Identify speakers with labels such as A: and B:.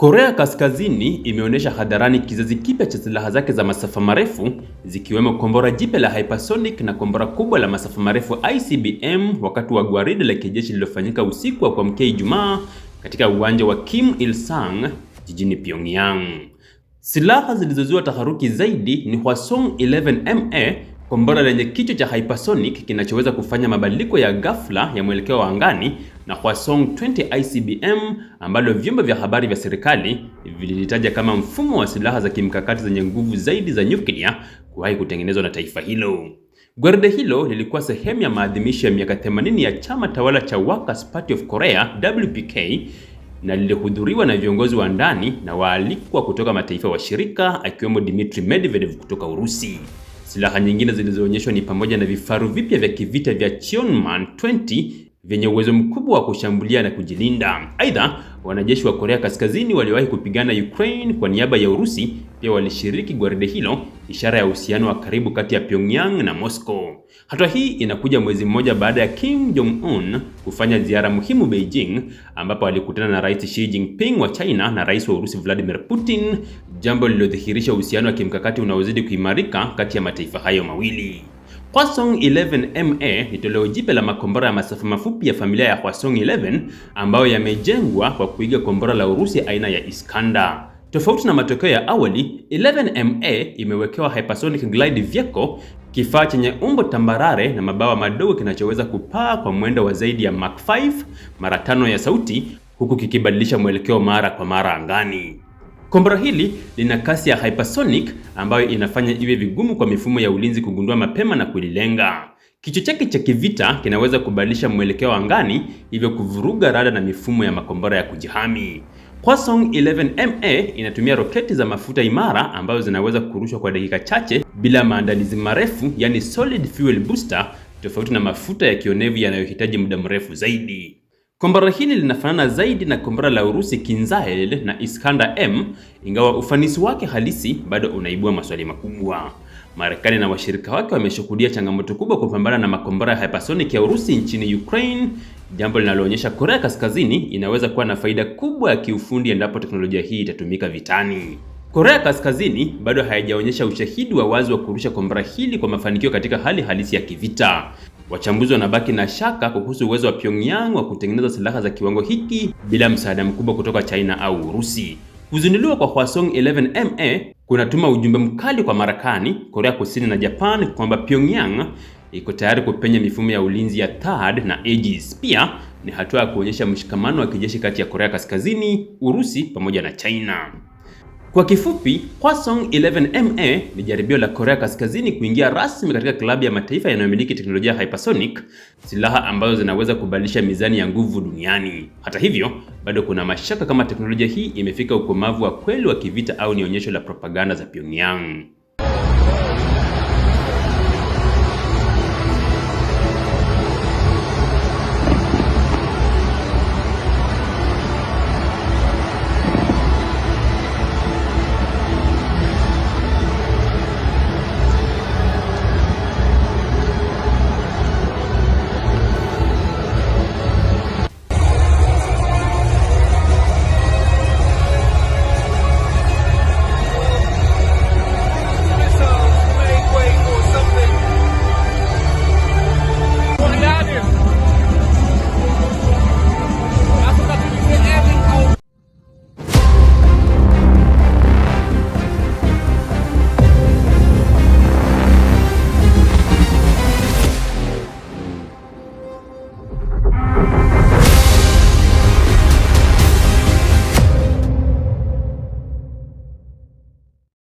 A: Korea Kaskazini imeonyesha hadharani kizazi kipya cha silaha zake za masafa marefu zikiwemo kombora jipya la hypersonic na kombora kubwa la masafa marefu ICBM wakati wa gwaride la kijeshi lililofanyika usiku wa kuamkia Ijumaa katika uwanja wa Kim Il Sung jijini Pyongyang. Silaha zilizozua taharuki zaidi ni Hwasong 11MA, kombora lenye kichwa cha hypersonic kinachoweza kufanya mabadiliko ya ghafla ya mwelekeo wa angani na kwa Song 20 ICBM ambalo vyombo vya habari vya serikali vililitaja kama mfumo wa silaha za kimkakati zenye nguvu zaidi za nyuklia kuwahi kutengenezwa na taifa hilo. Gwaride hilo lilikuwa sehemu ya maadhimisho ya miaka 80 ya chama tawala cha Workers Party of Korea WPK na lilihudhuriwa na viongozi wa ndani na waalikwa kutoka mataifa washirika akiwemo Dmitry Medvedev kutoka Urusi. Silaha nyingine zilizoonyeshwa ni pamoja na vifaru vipya vya kivita vya Chionman 20 vyenye uwezo mkubwa wa kushambulia na kujilinda. Aidha, wanajeshi wa Korea Kaskazini waliowahi kupigana Ukraine kwa niaba ya Urusi pia walishiriki gwaride hilo, ishara ya uhusiano wa karibu kati ya Pyongyang na Moscow. Hatua hii inakuja mwezi mmoja baada ya Kim Jong Un kufanya ziara muhimu Beijing, ambapo alikutana na Rais Xi Jinping wa China na Rais wa Urusi Vladimir Putin, jambo lililodhihirisha uhusiano wa kimkakati unaozidi kuimarika kati ya mataifa hayo mawili. Hwasong 11MA ni toleo jipya la makombora ya masafa mafupi ya familia ya Hwasong 11 ambayo yamejengwa kwa kuiga kombora la Urusi aina ya Iskander. Tofauti na matokeo ya awali, 11MA imewekewa hypersonic glide vehicle, kifaa chenye umbo tambarare na mabawa madogo kinachoweza kupaa kwa mwendo wa zaidi ya Mach 5 mara tano ya sauti, huku kikibadilisha mwelekeo mara kwa mara angani. Kombora hili lina kasi ya hypersonic ambayo inafanya iwe vigumu kwa mifumo ya ulinzi kugundua mapema na kulilenga. Kichwa chake cha kivita kinaweza kubadilisha mwelekeo angani, hivyo kuvuruga rada na mifumo ya makombora ya kujihami. Hwasong 11MA inatumia roketi za mafuta imara ambazo zinaweza kurushwa kwa dakika chache bila maandalizi marefu, yani solid fuel booster, tofauti na mafuta ya kionevu yanayohitaji muda mrefu zaidi. Kombora hili linafanana zaidi na kombora la Urusi Kinzhal na Iskander M, ingawa ufanisi wake halisi bado unaibua maswali makubwa. Marekani na washirika wake wameshuhudia changamoto kubwa kupambana na makombora ya hypersonic ya Urusi nchini Ukraine, jambo linaloonyesha Korea Kaskazini inaweza kuwa na faida kubwa ya kiufundi endapo teknolojia hii itatumika vitani. Korea Kaskazini bado haijaonyesha ushahidi wa wazi wa kurusha kombora hili kwa mafanikio katika hali halisi ya kivita. Wachambuzi wanabaki na shaka kuhusu uwezo wa Pyongyang wa kutengeneza silaha za kiwango hiki bila msaada mkubwa kutoka China au Urusi. Kuzinduliwa kwa Hwasong 11ma kunatuma ujumbe mkali kwa Marekani, Korea Kusini na Japan kwamba Pyongyang iko tayari kupenya mifumo ya ulinzi ya THAAD na Aegis. Pia ni hatua ya kuonyesha mshikamano wa kijeshi kati ya Korea Kaskazini, Urusi pamoja na China. Kwa kifupi, Hwasong 11MA ni jaribio la Korea Kaskazini kuingia rasmi katika klabu ya mataifa yanayomiliki teknolojia hypersonic, silaha ambazo zinaweza kubadilisha mizani ya nguvu duniani. Hata hivyo, bado kuna mashaka kama teknolojia hii imefika ukomavu wa kweli wa kivita au ni onyesho la propaganda za Pyongyang. Got